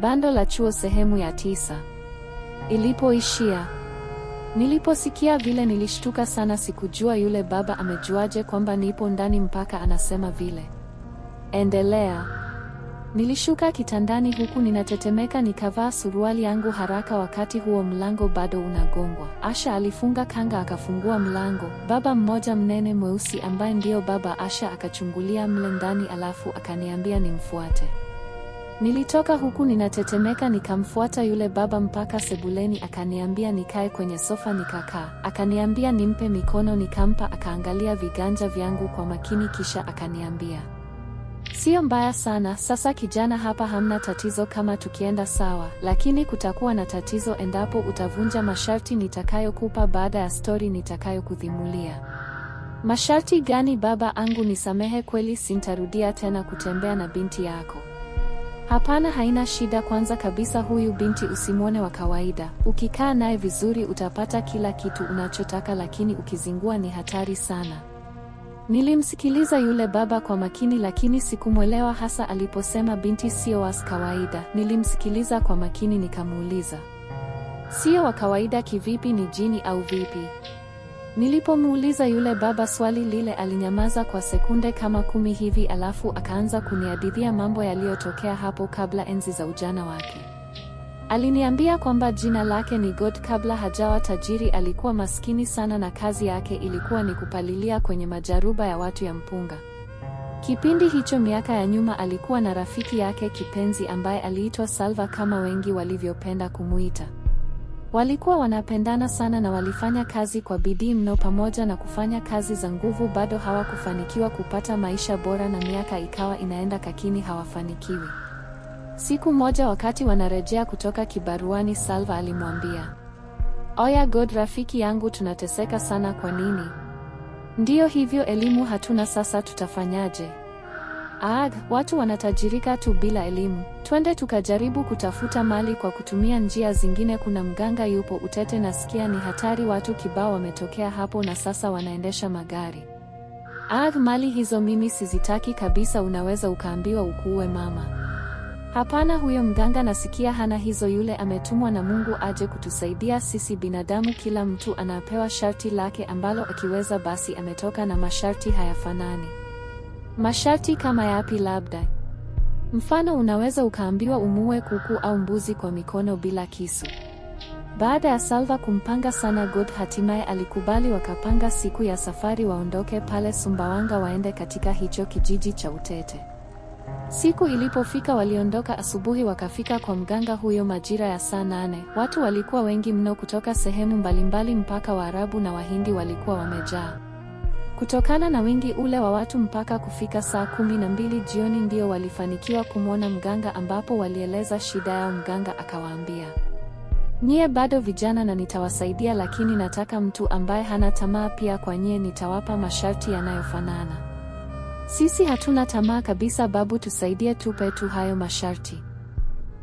Bando la chuo sehemu ya tisa. Ilipoishia. Niliposikia vile nilishtuka sana, sikujua yule baba amejuaje kwamba nipo ndani mpaka anasema vile. Endelea. Nilishuka kitandani huku ninatetemeka, nikavaa suruali yangu haraka. Wakati huo mlango bado unagongwa. Asha alifunga kanga, akafungua mlango. Baba mmoja mnene mweusi, ambaye ndiyo baba Asha, akachungulia mle ndani, alafu akaniambia nimfuate. Nilitoka huku ninatetemeka, nikamfuata yule baba mpaka sebuleni. Akaniambia nikae kwenye sofa, nikakaa. Akaniambia nimpe mikono, nikampa. Akaangalia viganja vyangu kwa makini, kisha akaniambia, sio mbaya sana sasa kijana, hapa hamna tatizo kama tukienda sawa, lakini kutakuwa na tatizo endapo utavunja masharti nitakayokupa baada ya stori nitakayokudhimulia. Masharti gani baba angu? Nisamehe kweli, sintarudia tena kutembea na binti yako. Hapana, haina shida. Kwanza kabisa, huyu binti usimwone wa kawaida. Ukikaa naye vizuri, utapata kila kitu unachotaka, lakini ukizingua ni hatari sana. Nilimsikiliza yule baba kwa makini, lakini sikumwelewa hasa aliposema binti sio wa kawaida. Nilimsikiliza kwa makini, nikamuuliza, sio wa kawaida kivipi? Ni jini au vipi? Nilipomuuliza yule baba swali lile alinyamaza kwa sekunde kama kumi hivi alafu akaanza kunihadithia mambo yaliyotokea hapo kabla enzi za ujana wake. Aliniambia kwamba jina lake ni God kabla hajawa tajiri alikuwa maskini sana na kazi yake ilikuwa ni kupalilia kwenye majaruba ya watu ya mpunga. Kipindi hicho miaka ya nyuma alikuwa na rafiki yake kipenzi ambaye aliitwa Salva kama wengi walivyopenda kumuita. Walikuwa wanapendana sana na walifanya kazi kwa bidii mno pamoja na kufanya kazi za nguvu bado hawakufanikiwa kupata maisha bora na miaka ikawa inaenda kakini hawafanikiwi. Siku moja wakati wanarejea kutoka kibaruani Salva alimwambia, Oya God rafiki yangu tunateseka sana kwa nini? Ndiyo hivyo elimu hatuna sasa tutafanyaje? Aad, watu wanatajirika tu bila elimu. Twende tukajaribu kutafuta mali kwa kutumia njia zingine. Kuna mganga yupo Utete, nasikia ni hatari, watu kibao wametokea hapo na sasa wanaendesha magari. Aad, mali hizo mimi sizitaki kabisa, unaweza ukaambiwa ukuue mama. Hapana, huyo mganga nasikia hana hizo, yule ametumwa na Mungu aje kutusaidia sisi binadamu. Kila mtu anapewa sharti lake ambalo akiweza basi ametoka na masharti hayafanani. Masharti kama yapi? Labda mfano, unaweza ukaambiwa umue kuku au mbuzi kwa mikono bila kisu. Baada ya Salva kumpanga sana God, hatimaye alikubali. Wakapanga siku ya safari waondoke pale Sumbawanga waende katika hicho kijiji cha Utete. Siku ilipofika waliondoka asubuhi, wakafika kwa mganga huyo majira ya saa nane. Watu walikuwa wengi mno kutoka sehemu mbalimbali, mpaka Waarabu na Wahindi walikuwa wamejaa. Kutokana na wingi ule wa watu mpaka kufika saa kumi na mbili jioni ndio walifanikiwa kumwona mganga ambapo walieleza shida yao mganga akawaambia, Nyie bado vijana na nitawasaidia lakini nataka mtu ambaye hana tamaa pia kwa nyie nitawapa masharti yanayofanana. Sisi hatuna tamaa kabisa babu, tusaidie tupe tu hayo masharti.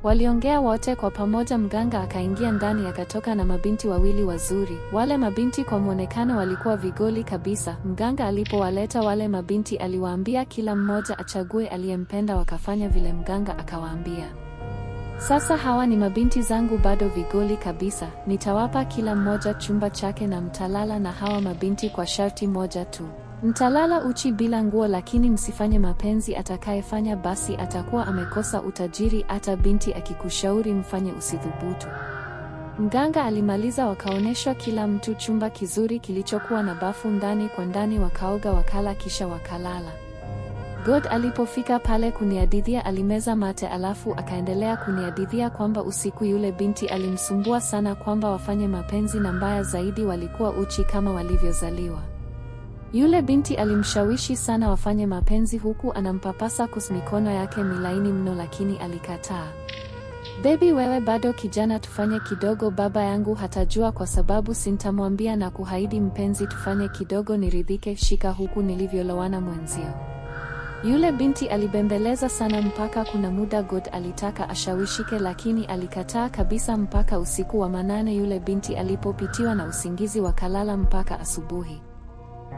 Waliongea wote kwa pamoja. Mganga akaingia ndani, akatoka na mabinti wawili wazuri. Wale mabinti kwa mwonekano walikuwa vigoli kabisa. Mganga alipowaleta wale mabinti, aliwaambia kila mmoja achague aliyempenda. Wakafanya vile mganga akawaambia. Sasa hawa ni mabinti zangu, bado vigoli kabisa. Nitawapa kila mmoja chumba chake na mtalala na hawa mabinti kwa sharti moja tu. Mtalala uchi bila nguo, lakini msifanye mapenzi. Atakayefanya basi atakuwa amekosa utajiri, hata binti akikushauri mfanye usithubutu. Mganga alimaliza, wakaonyeshwa kila mtu chumba kizuri kilichokuwa na bafu ndani kwa ndani, wakaoga, wakala, kisha wakalala. God alipofika pale kunihadithia, alimeza mate, alafu akaendelea kunihadithia kwamba usiku yule binti alimsumbua sana, kwamba wafanye mapenzi na mbaya zaidi walikuwa uchi kama walivyozaliwa. Yule binti alimshawishi sana wafanye mapenzi huku anampapasa kus mikono yake milaini mno lakini alikataa. Bebi wewe bado kijana tufanye kidogo baba yangu hatajua kwa sababu sintamwambia na kuhaidi mpenzi tufanye kidogo niridhike shika huku nilivyolowana mwenzio. Yule binti alibembeleza sana mpaka kuna muda God alitaka ashawishike lakini alikataa kabisa mpaka usiku wa manane yule binti alipopitiwa na usingizi wakalala mpaka asubuhi.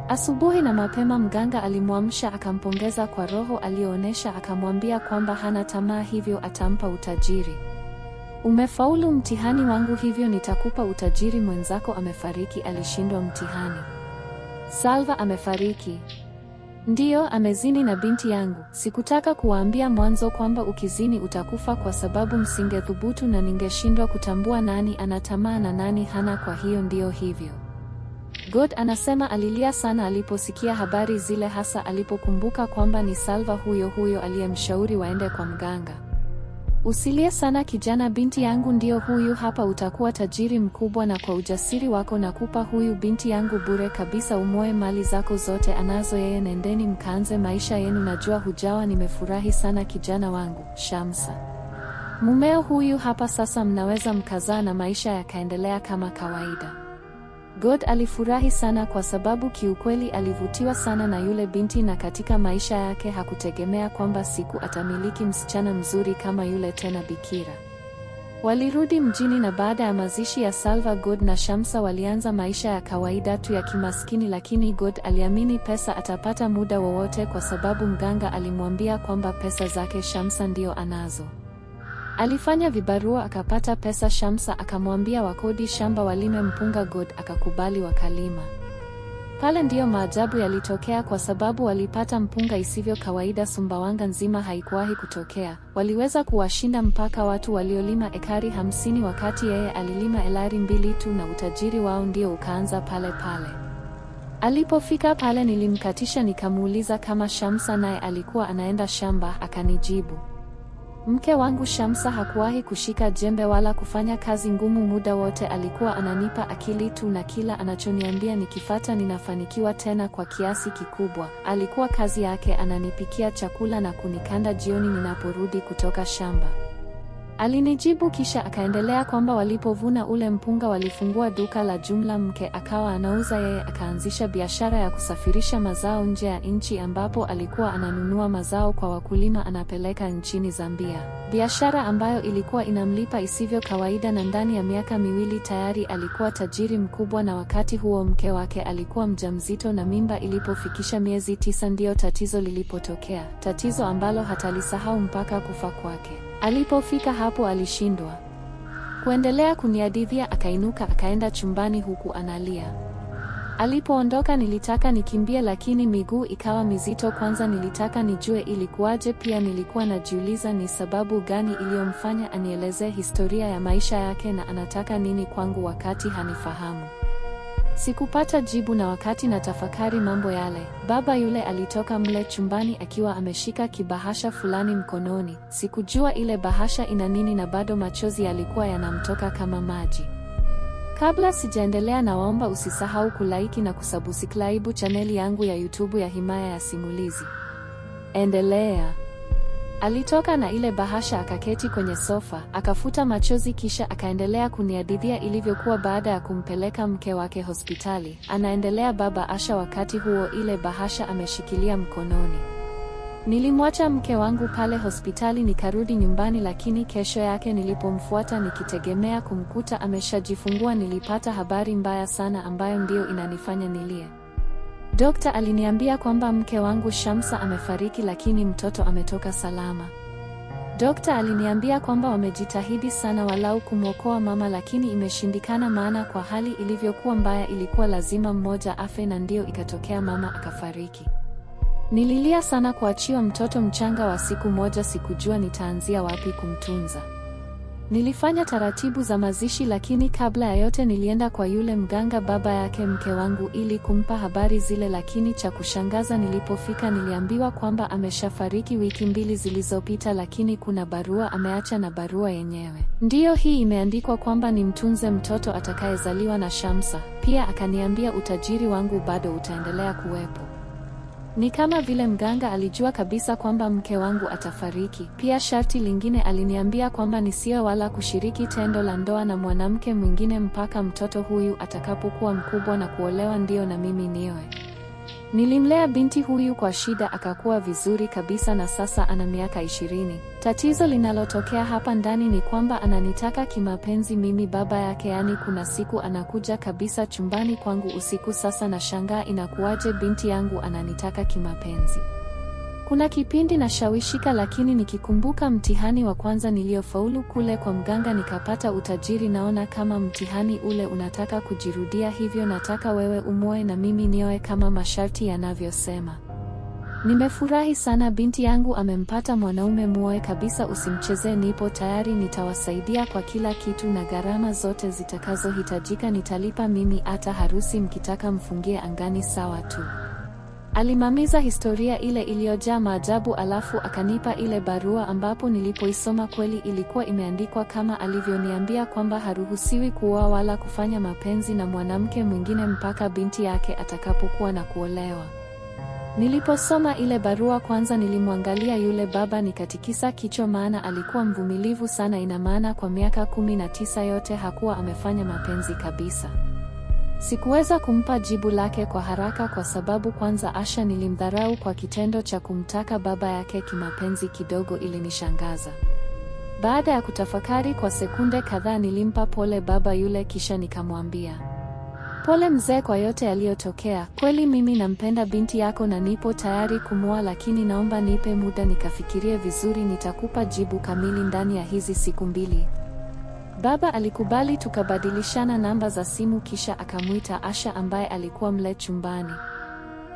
Asubuhi na mapema mganga alimwamsha akampongeza kwa roho aliyoonyesha, akamwambia kwamba hana tamaa, hivyo atampa utajiri. Umefaulu mtihani wangu, hivyo nitakupa utajiri. Mwenzako amefariki, alishindwa mtihani. Salva amefariki. Ndiyo, amezini na binti yangu. Sikutaka kuwaambia mwanzo kwamba ukizini utakufa, kwa sababu msingethubutu na ningeshindwa kutambua nani ana tamaa na nani hana. Kwa hiyo ndiyo hivyo. God anasema alilia sana aliposikia habari zile hasa alipokumbuka kwamba ni Salva huyo huyo aliyemshauri waende kwa mganga. Usilie sana kijana, binti yangu ndiyo huyu hapa, utakuwa tajiri mkubwa, na kwa ujasiri wako nakupa huyu binti yangu bure kabisa, umoe mali zako zote anazo yeye, nendeni mkaanze maisha yenu. Najua hujawa. Nimefurahi sana kijana wangu Shamsa, mumeo huyu hapa sasa, mnaweza mkazaa na maisha yakaendelea kama kawaida. God alifurahi sana kwa sababu kiukweli alivutiwa sana na yule binti na katika maisha yake hakutegemea kwamba siku atamiliki msichana mzuri kama yule tena bikira. Walirudi mjini na baada ya mazishi ya Salva, God na Shamsa walianza maisha ya kawaida tu ya kimaskini, lakini God aliamini pesa atapata muda wowote kwa sababu mganga alimwambia kwamba pesa zake Shamsa ndio anazo. Alifanya vibarua akapata pesa. Shamsa akamwambia wakodi shamba walime mpunga. God akakubali wakalima. Pale ndiyo maajabu yalitokea, kwa sababu walipata mpunga isivyo kawaida. Sumbawanga nzima haikuwahi kutokea. Waliweza kuwashinda mpaka watu waliolima ekari hamsini wakati yeye alilima elari mbili tu, na utajiri wao ndio ukaanza pale pale. Alipofika pale nilimkatisha nikamuuliza kama Shamsa naye alikuwa anaenda shamba, akanijibu Mke wangu Shamsa hakuwahi kushika jembe wala kufanya kazi ngumu muda wote alikuwa ananipa akili tu na kila anachoniambia nikifata ninafanikiwa tena kwa kiasi kikubwa. Alikuwa kazi yake ananipikia chakula na kunikanda jioni ninaporudi kutoka shamba. Alinijibu kisha akaendelea kwamba walipovuna ule mpunga walifungua duka la jumla, mke akawa anauza, yeye akaanzisha biashara ya kusafirisha mazao nje ya nchi, ambapo alikuwa ananunua mazao kwa wakulima anapeleka nchini Zambia, biashara ambayo ilikuwa inamlipa isivyo kawaida, na ndani ya miaka miwili tayari alikuwa tajiri mkubwa. Na wakati huo mke wake alikuwa mjamzito, na mimba ilipofikisha miezi tisa ndiyo tatizo lilipotokea, tatizo ambalo hatalisahau mpaka kufa kwake. Alipofika hapo alishindwa kuendelea kunihadithia, akainuka akaenda chumbani huku analia. Alipoondoka nilitaka nikimbie, lakini miguu ikawa mizito. Kwanza nilitaka nijue ilikuwaje, pia nilikuwa najiuliza ni sababu gani iliyomfanya anielezee historia ya maisha yake na anataka nini kwangu wakati hanifahamu. Sikupata jibu, na wakati na tafakari mambo yale, baba yule alitoka mle chumbani akiwa ameshika kibahasha fulani mkononi. Sikujua ile bahasha ina nini, na bado machozi yalikuwa yanamtoka kama maji. Kabla sijaendelea, nawaomba usisahau kulaiki na kusubscribe chaneli yangu ya YouTube ya Himaya ya Simulizi. Endelea. Alitoka na ile bahasha akaketi kwenye sofa, akafuta machozi kisha akaendelea kunihadithia ilivyokuwa baada ya kumpeleka mke wake hospitali. Anaendelea baba Asha wakati huo ile bahasha ameshikilia mkononi. Nilimwacha mke wangu pale hospitali nikarudi nyumbani, lakini kesho yake nilipomfuata nikitegemea kumkuta ameshajifungua, nilipata habari mbaya sana ambayo ndiyo inanifanya nilie. Dokta aliniambia kwamba mke wangu Shamsa amefariki lakini mtoto ametoka salama. Dokta aliniambia kwamba wamejitahidi sana walau kumwokoa mama lakini imeshindikana maana kwa hali ilivyokuwa mbaya ilikuwa lazima mmoja afe na ndio ikatokea mama akafariki. Nililia sana kuachiwa mtoto mchanga wa siku moja sikujua nitaanzia wapi kumtunza. Nilifanya taratibu za mazishi lakini kabla ya yote nilienda kwa yule mganga baba yake mke wangu ili kumpa habari zile lakini cha kushangaza nilipofika niliambiwa kwamba ameshafariki wiki mbili zilizopita lakini kuna barua ameacha na barua yenyewe. Ndiyo hii imeandikwa kwamba nimtunze mtoto atakayezaliwa na Shamsa. Pia akaniambia utajiri wangu bado utaendelea kuwepo. Ni kama vile mganga alijua kabisa kwamba mke wangu atafariki. Pia sharti lingine aliniambia kwamba nisiwe wala kushiriki tendo la ndoa na mwanamke mwingine mpaka mtoto huyu atakapokuwa mkubwa na kuolewa, ndio na mimi niwe Nilimlea binti huyu kwa shida akakuwa vizuri kabisa na sasa ana miaka ishirini. Tatizo linalotokea hapa ndani ni kwamba ananitaka kimapenzi mimi baba yake, yaani kuna siku anakuja kabisa chumbani kwangu usiku. Sasa na shangaa inakuwaje binti yangu ananitaka kimapenzi. Kuna kipindi nashawishika, lakini nikikumbuka mtihani wa kwanza niliyofaulu kule kwa mganga nikapata utajiri, naona kama mtihani ule unataka kujirudia, hivyo nataka wewe umoe na mimi nioe kama masharti yanavyosema. Nimefurahi sana, binti yangu amempata mwanaume, muoe kabisa, usimchezee. Nipo tayari, nitawasaidia kwa kila kitu na gharama zote zitakazohitajika nitalipa mimi, hata harusi mkitaka mfungie angani, sawa tu. Alimamiza historia ile iliyojaa maajabu alafu akanipa ile barua ambapo nilipoisoma kweli ilikuwa imeandikwa kama alivyoniambia kwamba haruhusiwi kuoa wala kufanya mapenzi na mwanamke mwingine mpaka binti yake atakapokuwa na kuolewa. Niliposoma ile barua kwanza nilimwangalia yule baba nikatikisa kichwa maana alikuwa mvumilivu sana ina maana kwa miaka kumi na tisa yote hakuwa amefanya mapenzi kabisa. Sikuweza kumpa jibu lake kwa haraka kwa sababu kwanza Asha nilimdharau kwa kitendo cha kumtaka baba yake kimapenzi kidogo ilinishangaza. Baada ya kutafakari kwa sekunde kadhaa nilimpa pole baba yule kisha nikamwambia, "Pole mzee kwa yote yaliyotokea. Kweli mimi nampenda binti yako na nipo tayari kumwoa lakini naomba nipe muda nikafikirie vizuri nitakupa jibu kamili ndani ya hizi siku mbili." Baba alikubali, tukabadilishana namba za simu, kisha akamwita Asha ambaye alikuwa mle chumbani.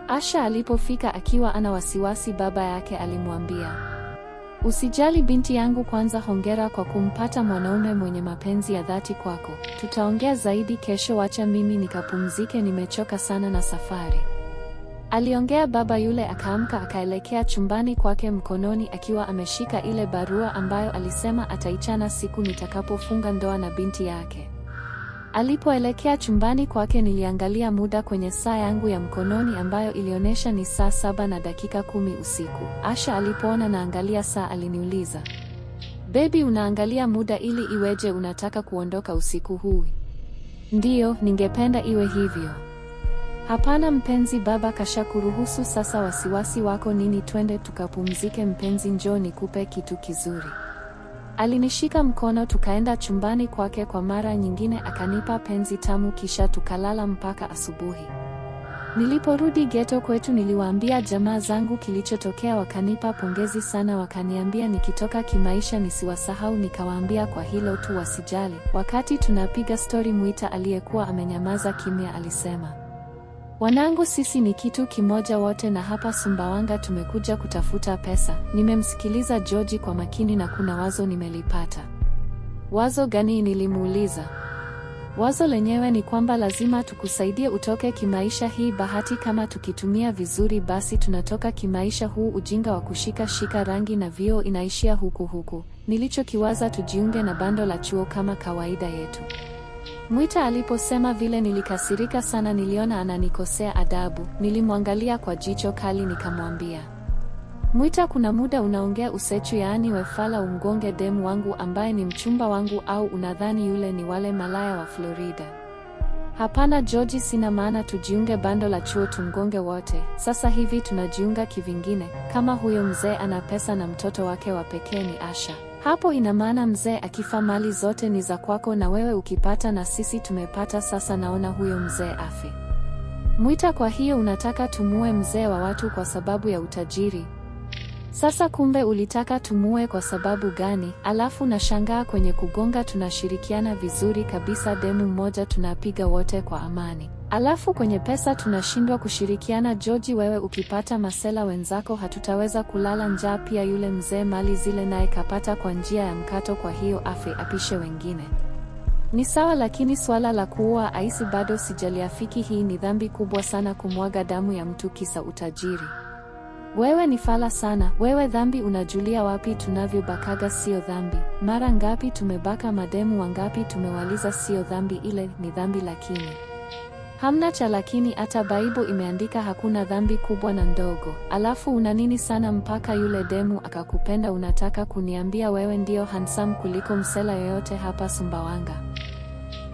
Asha alipofika akiwa ana wasiwasi, baba yake alimwambia, usijali binti yangu, kwanza hongera kwa kumpata mwanaume mwenye mapenzi ya dhati kwako. Tutaongea zaidi kesho, wacha mimi nikapumzike, nimechoka sana na safari. Aliongea baba yule akaamka akaelekea chumbani kwake mkononi akiwa ameshika ile barua ambayo alisema ataichana siku nitakapofunga ndoa na binti yake. Alipoelekea chumbani kwake niliangalia muda kwenye saa yangu ya mkononi ambayo ilionyesha ni saa saba na dakika kumi usiku. Asha alipoona naangalia saa aliniuliza, "Baby unaangalia muda ili iweje unataka kuondoka usiku huu?" Ndiyo, ningependa iwe hivyo. Hapana mpenzi, baba kashakuruhusu sasa, wasiwasi wako nini? Twende tukapumzike mpenzi, njoo nikupe kitu kizuri. Alinishika mkono tukaenda chumbani kwake, kwa mara nyingine akanipa penzi tamu, kisha tukalala mpaka asubuhi. Niliporudi geto kwetu niliwaambia jamaa zangu kilichotokea, wakanipa pongezi sana, wakaniambia nikitoka kimaisha nisiwasahau. Nikawaambia kwa hilo tu wasijali. Wakati tunapiga stori, Mwita aliyekuwa amenyamaza kimya alisema Wanangu, sisi ni kitu kimoja wote, na hapa Sumbawanga tumekuja kutafuta pesa. Nimemsikiliza George kwa makini na kuna wazo nimelipata. Wazo gani? Nilimuuliza. Wazo lenyewe ni kwamba lazima tukusaidie utoke kimaisha hii bahati. Kama tukitumia vizuri, basi tunatoka kimaisha huu ujinga wa kushika shika rangi na vioo inaishia huku huku. Nilichokiwaza, tujiunge na bando la chuo kama kawaida yetu. Mwita aliposema vile nilikasirika sana, niliona ananikosea adabu. Nilimwangalia kwa jicho kali nikamwambia, Mwita, kuna muda unaongea usechu, yaani wefala umgonge demu wangu ambaye ni mchumba wangu, au unadhani yule ni wale malaya wa Florida? Hapana George, sina maana tujiunge bando la chuo tumgonge wote. Sasa hivi tunajiunga kivingine, kama huyo mzee ana pesa na mtoto wake wa pekee ni Asha. Hapo ina maana mzee akifa mali zote ni za kwako, na wewe ukipata na sisi tumepata. Sasa naona huyo mzee afe Mwita, kwa hiyo unataka tumue mzee wa watu kwa sababu ya utajiri? Sasa kumbe ulitaka tumue kwa sababu gani? Alafu nashangaa kwenye kugonga tunashirikiana vizuri kabisa, demu moja tunapiga wote kwa amani. Alafu kwenye pesa tunashindwa kushirikiana. joji wewe ukipata masela wenzako, hatutaweza kulala njaa. Pia yule mzee mali zile naye kapata kwa njia ya mkato, kwa hiyo afe apishe wengine ni sawa, lakini swala la kuua aisi bado sijaliafiki. Hii ni dhambi kubwa sana, kumwaga damu ya mtu kisa utajiri. Wewe ni fala sana wewe, dhambi unajulia wapi? Tunavyobakaga siyo dhambi. Mara ngapi tumebaka mademu, wangapi tumewaliza? Siyo dhambi, ile ni dhambi lakini Hamna cha lakini hata Baibu imeandika hakuna dhambi kubwa na ndogo. Alafu una nini sana mpaka yule demu akakupenda? Unataka kuniambia wewe ndiyo handsome kuliko msela yoyote hapa Sumbawanga?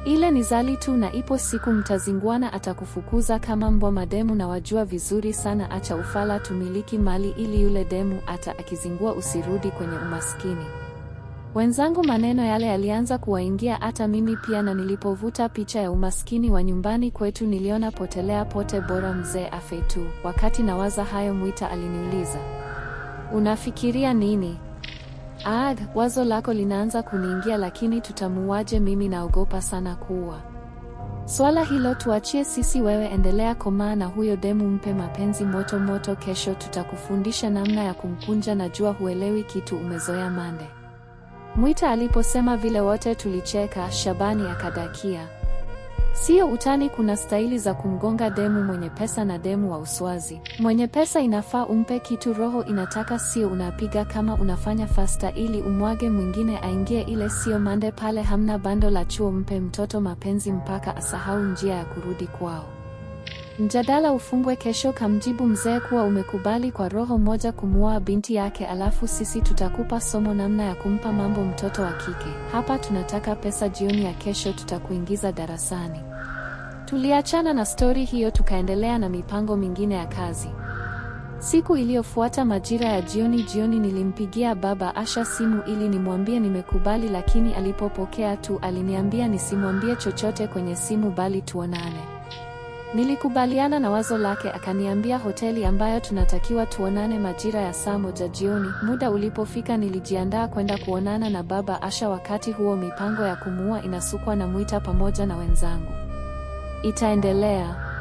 Ile ni zali tu, na ipo siku mtazinguana, atakufukuza kama mbwa. Mademu na wajua vizuri sana, acha ufala, tumiliki mali ili yule demu hata akizingua usirudi kwenye umaskini. Wenzangu maneno yale yalianza kuwaingia hata mimi pia na nilipovuta picha ya umaskini wa nyumbani kwetu niliona potelea pote bora mzee afe tu. Wakati nawaza hayo Mwita aliniuliza. Unafikiria nini? Ag, wazo lako linaanza kuniingia lakini tutamuwaje mimi naogopa sana kuwa. Swala hilo tuachie sisi wewe endelea komaa na huyo demu mpe mapenzi moto moto kesho tutakufundisha namna ya kumkunja najua huelewi kitu umezoea mande. Mwita aliposema vile wote tulicheka, Shabani akadakia. Sio utani, kuna staili za kumgonga demu mwenye pesa na demu wa uswazi. Mwenye pesa inafaa umpe kitu roho inataka, sio unapiga kama unafanya fasta ili umwage mwingine aingie ile, sio mande pale. Hamna bando la chuo, mpe mtoto mapenzi mpaka asahau njia ya kurudi kwao. Mjadala ufungwe kesho, kamjibu mzee kuwa umekubali kwa roho moja kumuoa binti yake, alafu sisi tutakupa somo namna ya kumpa mambo mtoto wa kike. Hapa tunataka pesa, jioni ya kesho tutakuingiza darasani. Tuliachana na stori hiyo tukaendelea na mipango mingine ya kazi. Siku iliyofuata majira ya jioni jioni, nilimpigia baba Asha simu ili nimwambie nimekubali, lakini alipopokea tu aliniambia nisimwambie chochote kwenye simu bali tuonane. Nilikubaliana na wazo lake akaniambia hoteli ambayo tunatakiwa tuonane majira ya saa moja jioni. Muda ulipofika nilijiandaa kwenda kuonana na baba Asha. Wakati huo mipango ya kumuua inasukwa na Mwita pamoja na wenzangu. Itaendelea.